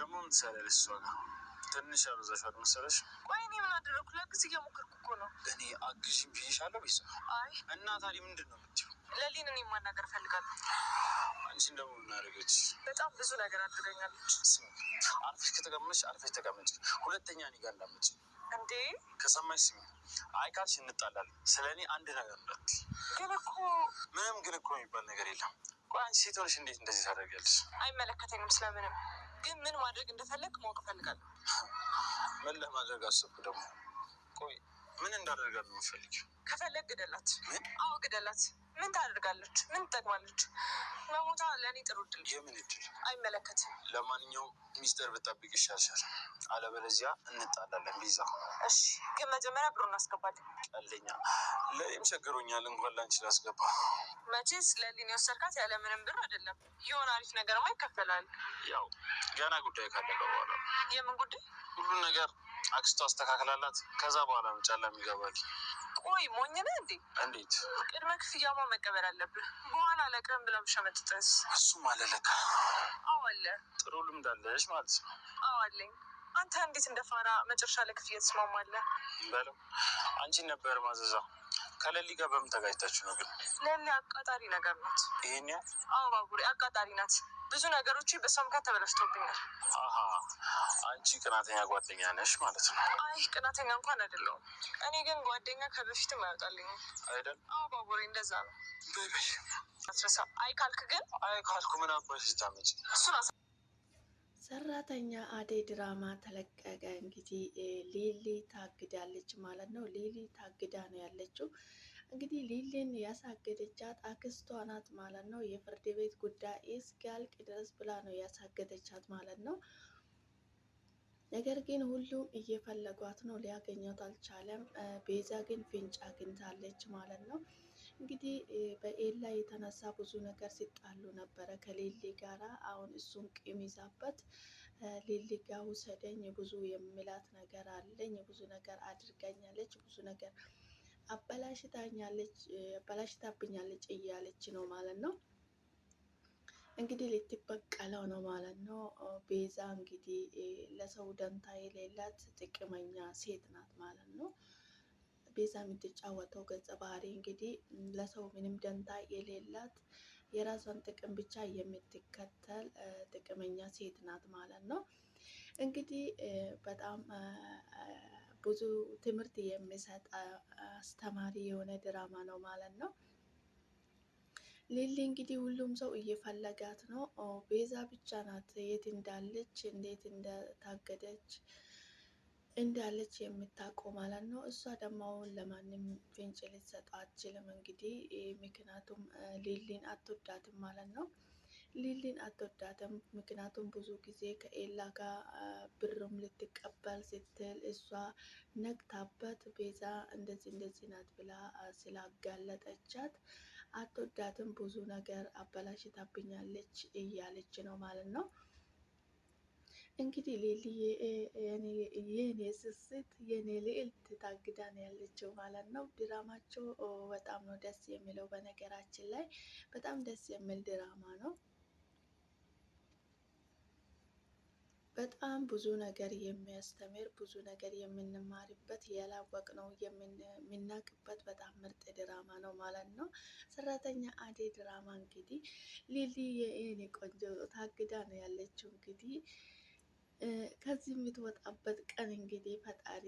ደግሞ ምሳሌያለች እሷ ጋር ትንሽ አበዛሻት መሰለሽ። ቆይ እኔ ምን አደረግኩ? ላግዝ እየሞከርኩ እኮ ነው። እኔ አግዥ ብዬሻለሁ። ቤዛ አይ እና ታዲያ ምንድን ነው የምትይው? ለሊን እኔ ማናገር እፈልጋለሁ። አንቺን ደግሞ ምን አደረገች? በጣም ብዙ ነገር አድርገኛለች። አርፈሽ ከተቀመጥሽ አርፈሽ ተቀመጭ። ሁለተኛ እኔ ጋር እንዳትመጪ እንዴ ከሰማሽ ስሚ፣ አይ ካልሽ እንጣላለን። ስለ እኔ አንድ ነገር እንዳትዪ። ግን እኮ ምንም ግን እኮ የሚባል ነገር የለም። ቆይ አንቺ ሴት ሆነሽ እንዴት እንደዚህ ታደርጊያለሽ? አይመለከተኝም ስለምንም ግን ምን ማድረግ እንደፈለግ ማወቅ ፈልጋለሁ ምን ለማድረግ አሰብኩ ደግሞ? ቆይ ምን እንዳደርጋለሁ? ፈልግ ከፈለግ ግደላት። ምን? አዎ ግደላት። ምን ታደርጋለች? ምን ትጠቅማለች? መሞታ ለእኔ ጥሩ እድል። የምን ድል? አይመለከትም። ለማንኛውም ሚስጥር ብጠብቅ ይሻልሻል፣ አለበለዚያ እንጣላለን። ቢዛ እሺ፣ ግን መጀመሪያ ብሩን እናስገባለን። ቀልደኛ። ለእኔም ቸግሮኛል፣ እንኳን ላንቺ ላስገባ። መቼስ ለሊን የወሰድካት ያለምንም ብር አይደለም። የሆነ አሪፍ ነገርማ ይከፈላል። ያው ገና ጉዳይ ካለቀ በኋላ። የምን ጉዳይ? ሁሉን ነገር አክስቶ አስተካክላላት ከዛ በኋላ ነው ጨለማ ቆይ ሞኝ ነህ እንዴ? እንዴት ቅድመ ክፍያማ መቀበል አለብህ። በኋላ ለቅም ብላ ብሸመጥጠስ እሱም አለለካ አዎ አለ። ጥሩ ልምድ አለሽ ማለት ነው። አዎ አለኝ። አንተ እንዴት እንደፋራ መጨረሻ ለክፍያ ትስማማለህ? በለው አንቺን ነበር ማዘዛው ከሌሊ ጋር በምን ተጋጭታችሁ ነው? ግን ለሚ አቃጣሪ ነገር ናት። ይሄን አዎ፣ ባቡሬ አቃጣሪ ናት። ብዙ ነገሮች በእሷ ምክንያት ተበላሽቶብኛል። አንቺ ቅናተኛ ጓደኛ ነሽ ማለት ነው? አይ ቅናተኛ እንኳን አይደለሁም። እኔ ግን ጓደኛ ከበፊትም አያውጣልኝ አይደል? አዎ፣ ባቡሬ እንደዛ ነው። አይ ካልክ ግን አይ ካልኩ ምን አባሽ ታመጭ እሱን ሰራተኛ አደይ ድራማ ተለቀቀ። እንግዲህ ሊሊ ታግዳለች ማለት ነው። ሊሊ ታግዳ ነው ያለችው። እንግዲህ ሊሊን ያሳገደቻት አክስቷ ናት ማለት ነው። የፍርድ ቤት ጉዳይ እስኪያልቅ ድረስ ብላ ነው ያሳገደቻት ማለት ነው። ነገር ግን ሁሉም እየፈለጓት ነው፣ ሊያገኘት አልቻለም። ቤዛ ግን ፍንጭ አግኝታለች ማለት ነው። እንግዲህ በኤላ የተነሳ ብዙ ነገር ሲጣሉ ነበረ ከሌሊ ጋራ። አሁን እሱን ቂም ይዛበት ሌሊ ጋ ውሰደኝ፣ ብዙ የሚላት ነገር አለኝ፣ ብዙ ነገር አድርጋኛለች፣ ብዙ ነገር አበላሽታኛለች፣ አበላሽታብኛለች እያለች ነው ማለት ነው። እንግዲህ ልትበቀለው ነው ማለት ነው። ቤዛ እንግዲህ ለሰው ደንታ የሌላት ጥቅመኛ ሴት ናት ማለት ነው። ቤዛ የምትጫወተው ገጸ ባህሪ እንግዲህ ለሰው ምንም ደንታ የሌላት የራሷን ጥቅም ብቻ የምትከተል ጥቅመኛ ሴት ናት ማለት ነው። እንግዲህ በጣም ብዙ ትምህርት የሚሰጥ አስተማሪ የሆነ ድራማ ነው ማለት ነው። ሊሊ እንግዲህ ሁሉም ሰው እየፈለጋት ነው። ቤዛ ብቻ ናት የት እንዳለች እንዴት እንደታገደች እንዳለች የምታውቀው ማለት ነው። እሷ ደግሞ አሁን ለማንም ፍንጭ ልትሰጠው አትችልም። እንግዲህ ምክንያቱም ሊሊን አትወዳትም ማለት ነው። ሊሊን አትወዳትም ምክንያቱም ብዙ ጊዜ ከኤላ ጋር ብርም ልትቀበል ስትል እሷ ነግታበት ቤዛ እንደዚህ እንደዚህ ናት ብላ ስላጋለጠቻት አትወዳትም። ብዙ ነገር አበላሽታብኛለች እያለች ነው ማለት ነው። እንግዲህ ሌሊዬ የኔ ስስት የኔ ልዕልት ታግዳ ነው ያለችው ማለት ነው። ድራማቸው በጣም ነው ደስ የሚለው። በነገራችን ላይ በጣም ደስ የሚል ድራማ ነው። በጣም ብዙ ነገር የሚያስተምር ብዙ ነገር የምንማርበት ያላወቅ ነው የምናቅበት በጣም ምርጥ ድራማ ነው ማለት ነው። ሰራተኛ አዴ ድራማ እንግዲህ ሊሊ የኔ ቆንጆ ታግዳ ነው ያለችው እንግዲህ ከዚህ የምትወጣበት ቀን እንግዲህ ፈጣሪ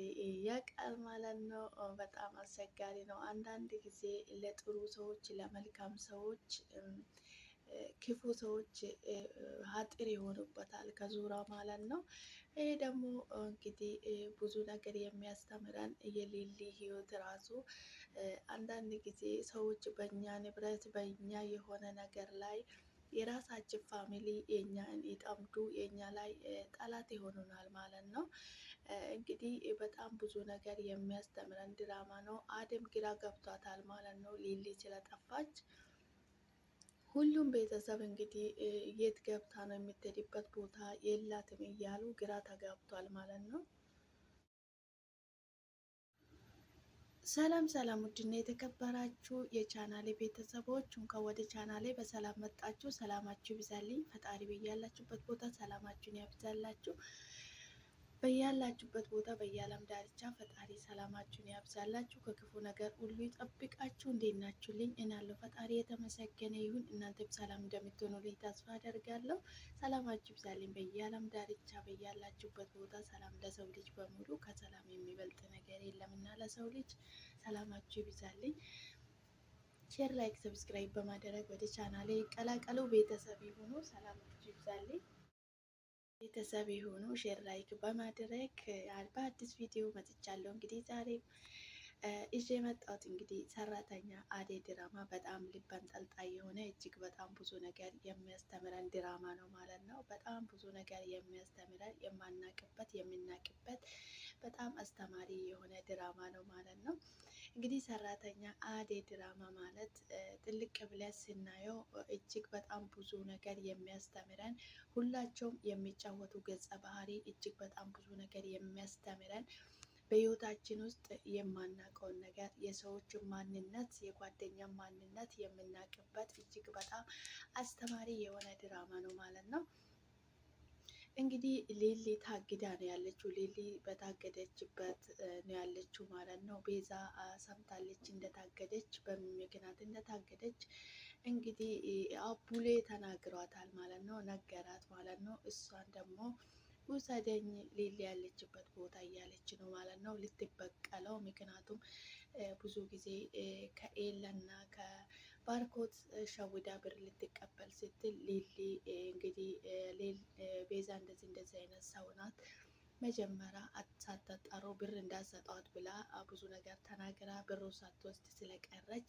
ያውቃል ማለት ነው። በጣም አስቸጋሪ ነው። አንዳንድ ጊዜ ለጥሩ ሰዎች፣ ለመልካም ሰዎች ክፉ ሰዎች ሀጥር ይሆኑበታል ከዙራ ማለት ነው። ይህ ደግሞ እንግዲህ ብዙ ነገር የሚያስተምረን የሌሊ ህይወት ራሱ አንዳንድ ጊዜ ሰዎች በእኛ ንብረት በእኛ የሆነ ነገር ላይ የራሳችን ፋሚሊ የእኛን ይጠምዱ የእኛ ላይ ጠላት ይሆኑናል ማለት ነው። እንግዲህ በጣም ብዙ ነገር የሚያስተምረን ድራማ ነው። አደም ግራ ገብቷታል ማለት ነው። ሊሊ ስለጠፋች ሁሉም ቤተሰብ እንግዲህ የት ገብታ ነው የምትሄድበት ቦታ የላትም እያሉ ግራ ተጋብቷል ማለት ነው። ሰላም ሰላም፣ ውድና የተከበራችሁ የቻናሌ ቤተሰቦች እንኳን ወደ ቻናሌ በሰላም መጣችሁ። ሰላማችሁ ይብዛልኝ። ፈጣሪ በያላችሁበት ቦታ ሰላማችሁን ያብዛላችሁ። በያላችሁበት ቦታ በየዓለም ዳርቻ ፈጣሪ ሰላማችሁን ያብዛላችሁ፣ ከክፉ ነገር ሁሉ ይጠብቃችሁ። እንዴት ናችሁልኝ? እኔ ፈጣሪ የተመሰገነ ይሁን። እናንተም ሰላም እንደምትሆኑልኝ ተስፋ አደርጋለሁ። ሰላማችሁ ይብዛልኝ። በየዓለም ዳርቻ በያላችሁበት ቦታ ሰላም ለሰው ልጅ በሙሉ ከሰላም የሚበልጥ ለሰው ልጅ ሰላማችሁ ይብዛልኝ። ሼር፣ ላይክ፣ ሰብስክራይብ በማድረግ ወደ ቻናሌ ይቀላቀሉ። ቤተሰብ ይሁኑ። ሰላማችሁ ይብዛልኝ። ቤተሰብ ይሁኑ። ሼር፣ ላይክ በማድረግ አልባ አዲስ ቪዲዮ መጥቻለሁ። እንግዲህ ዛሬ ይዤ የመጣሁት እንግዲህ ሰራተኛ አደይ ድራማ በጣም ልብ አንጠልጣይ የሆነ እጅግ በጣም ብዙ ነገር የሚያስተምረን ድራማ ነው ማለት ነው። በጣም ብዙ ነገር የሚያስተምረን የማናቅበት የምናቅበት በጣም አስተማሪ የሆነ ድራማ ነው ማለት ነው። እንግዲህ ሰራተኛ አደይ ድራማ ማለት ትልቅ ብለን ስናየው እጅግ በጣም ብዙ ነገር የሚያስተምረን ሁላቸውም የሚጫወቱ ገጸ ባህሪ እጅግ በጣም ብዙ ነገር የሚያስተምረን በህይወታችን ውስጥ የማናውቀውን ነገር የሰዎችን ማንነት የጓደኛ ማንነት የምናውቅበት እጅግ በጣም አስተማሪ የሆነ ድራማ ነው ማለት ነው። እንግዲህ ሊሊ ታግዳ ነው ያለችው። ሊሊ በታገደችበት ነው ያለችው ማለት ነው። ቤዛ ሰምታለች እንደታገደች፣ በምን ምክንያት እንደታገደች እንግዲህ አቡሌ ተናግሯታል ማለት ነው። ነገራት ማለት ነው። እሷን ደግሞ ውሰደኝ ሊሊ ያለችበት ቦታ እያለች ነው ማለት ነው ልትበቀለው። ምክንያቱም ብዙ ጊዜ ከኤላና ከባርኮት ሸውዳ ብር ልትቀበል ስትል ሌሊ እንግዲህ ቤዛ እንደዚህ እንደዚህ አይነት ሰው ናት መጀመሪያ ሳታጣሩ ብር እንዳሰጧት ብላ ብዙ ነገር ተናግራ ብሩ ሳትወስድ ስለቀረች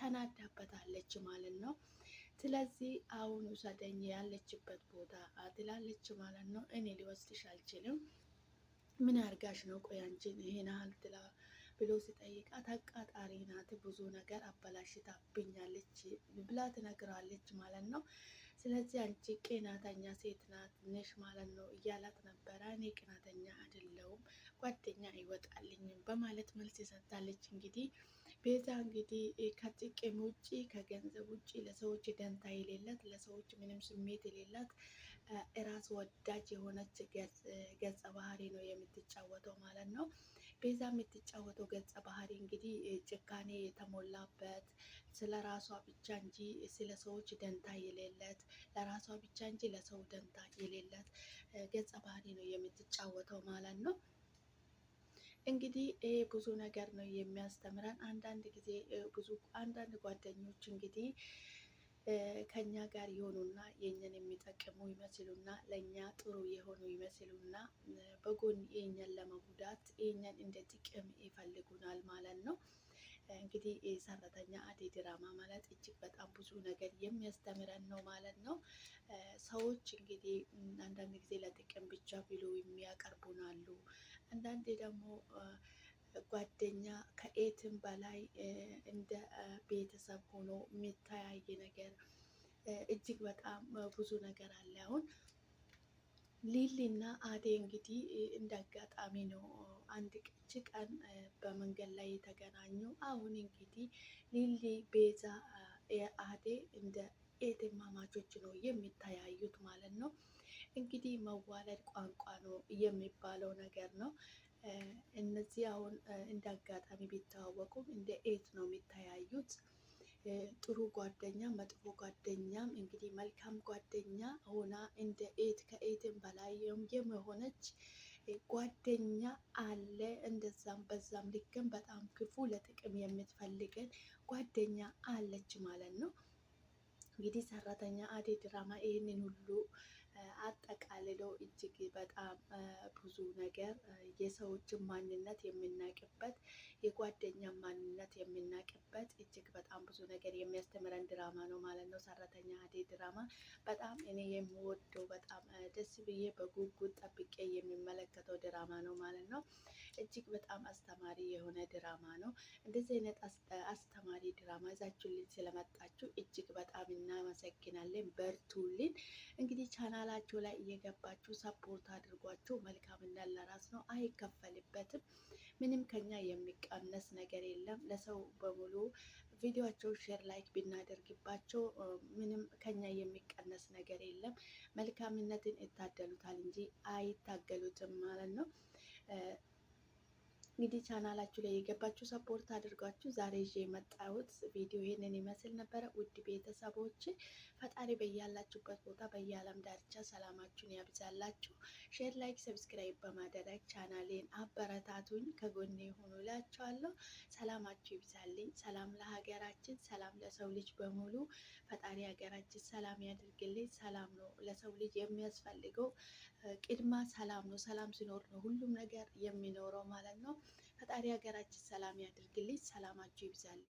ተናዳበታለች ማለት ነው። ስለዚህ አሁን ውሰደኝ ያለችበት ቦታ ትላለች ማለት ነው። እኔ ሊወስድሽ አልችልም። ምን አርጋሽ ነው ቆይ አንቺን ይሄን ያህል ትላ ብሎ ሲጠይቃት አቃጣሪ ናት፣ ብዙ ነገር አበላሽታብኛለች ብላ ትነግራለች ማለት ነው። ስለዚህ አንቺ ቅናተኛ ሴት ናት ነሽ ማለት ነው እያላት ነበረ። እኔ ቅናተኛ አይደለሁም ጓደኛ ይወጣልኝም በማለት መልስ ይሰጣለች እንግዲህ ቤዛ እንግዲህ ከጥቅም ውጭ ከገንዘብ ውጭ ለሰዎች ደንታ የሌላት ለሰዎች ምንም ስሜት የሌላት እራስ ወዳጅ የሆነች ገጸ ባህሪ ነው የምትጫወተው ማለት ነው። ቤዛ የምትጫወተው ገጸ ባህሪ እንግዲህ ጭካኔ የተሞላበት ስለ ራሷ ብቻ እንጂ ስለ ሰዎች ደንታ የሌለት ለራሷ ብቻ እንጂ ለሰው ደንታ የሌላት ገጸ ባህሪ ነው የምትጫወተው ማለት ነው። እንግዲህ ይሄ ብዙ ነገር ነው የሚያስተምረን። አንዳንድ ጊዜ ብዙ አንዳንድ ጓደኞች እንግዲህ ከኛ ጋር የሆኑና የኛን የሚጠቅሙ ይመስሉና ለእኛ ጥሩ የሆኑ ይመስሉና በጎን የእኛን ለመጉዳት የኛን እንደ ጥቅም ይፈልጉናል ማለት ነው። እንግዲህ ሰራተኛ አደይ ድራማ ማለት እጅግ በጣም ብዙ ነገር የሚያስተምረን ነው ማለት ነው። ሰዎች እንግዲህ አንዳንድ ጊዜ ለጥቅም ብቻ ብሎ የሚያቀርቡን አሉ። አንዳንዴ ደግሞ ጓደኛ ከኤትም በላይ እንደ ቤተሰብ ሆኖ የሚተያይ ነገር እጅግ በጣም ብዙ ነገር አለ። አሁን ሊሊና አዴ እንግዲህ እንደ አጋጣሚ ነው አንድ ቅጭ ቀን በመንገድ ላይ የተገናኙ። አሁን እንግዲህ ሊሊ ቤዛ አዴ እንደ ኤትማማቾች ነው የሚተያዩት ማለት ነው። እንግዲህ መዋለድ ቋንቋ ነው የሚባለው ነገር ነው። እነዚህ አሁን እንደ አጋጣሚ ቢተዋወቁም እንደ ኤት ነው የሚተያዩት። ጥሩ ጓደኛ መጥፎ ጓደኛም እንግዲህ መልካም ጓደኛ ሆና እንደ ኤት ከኤትም በላይ የሆነች ጓደኛ አለ። እንደዛም በዛም ልክም በጣም ክፉ ለጥቅም የምትፈልገን ጓደኛ አለች ማለት ነው። እንግዲህ ሰራተኛ አደይ ድራማ ይህንን ሁሉ አጠቃልለው እጅግ በጣም ብዙ ነገር የሰዎችን ማንነት የምናቅበት የጓደኛ ማንነት የምናቅበት እጅግ በጣም ብዙ ነገር የሚያስተምረን ድራማ ነው ማለት ነው። ሰራተኛ አደይ ድራማ በጣም እኔ የምወደው በጣም ደስ ብዬ በጉጉት ጠብቄ የሚመለከተው ድራማ ነው ማለት ነው። እጅግ በጣም አስተማሪ የሆነ ድራማ ነው። እንደዚህ አይነት አስተማሪ ድራማ ይዛችሁልን ስለመጣችሁ እጅግ በጣም እናመሰግናለን። በርቱልን እንግዲህ ቻናል ቻናላችሁ ላይ እየገባችሁ ሰፖርት አድርጓችሁ መልካምነት ለራስ ነው፣ አይከፈልበትም። ምንም ከኛ የሚቀነስ ነገር የለም። ለሰው በሙሉ ቪዲዮቸው ሼር ላይክ ብናደርግባቸው ምንም ከኛ የሚቀነስ ነገር የለም። መልካምነትን ይታደሉታል እንጂ አይታገሉትም ማለት ነው። እንግዲህ ቻናላችሁ ላይ የገባችሁ ሰፖርት አድርጓችሁ ዛሬ ይዤ የመጣሁት ቪዲዮ ይህንን ይመስል ነበረ። ውድ ቤተሰቦች ፈጣሪ በያላችሁበት ቦታ በየዓለም ዳርቻ ሰላማችሁን ያብዛላችሁ። ሼር፣ ላይክ፣ ሰብስክራይብ በማደረግ ቻናሌን አበራ አበረታቱኝ፣ ከጎኔ የሆኑ እላችኋለሁ። ሰላማችሁ ይብዛልኝ። ሰላም ለሀገራችን፣ ሰላም ለሰው ልጅ በሙሉ። ፈጣሪ ሀገራችን ሰላም ያድርግልኝ። ሰላም ነው ለሰው ልጅ የሚያስፈልገው፣ ቅድማ ሰላም ነው። ሰላም ሲኖር ነው ሁሉም ነገር የሚኖረው ማለት ነው። ፈጣሪ ሀገራችን ሰላም ያድርግልኝ። ሰላማችሁ ይብዛልኝ።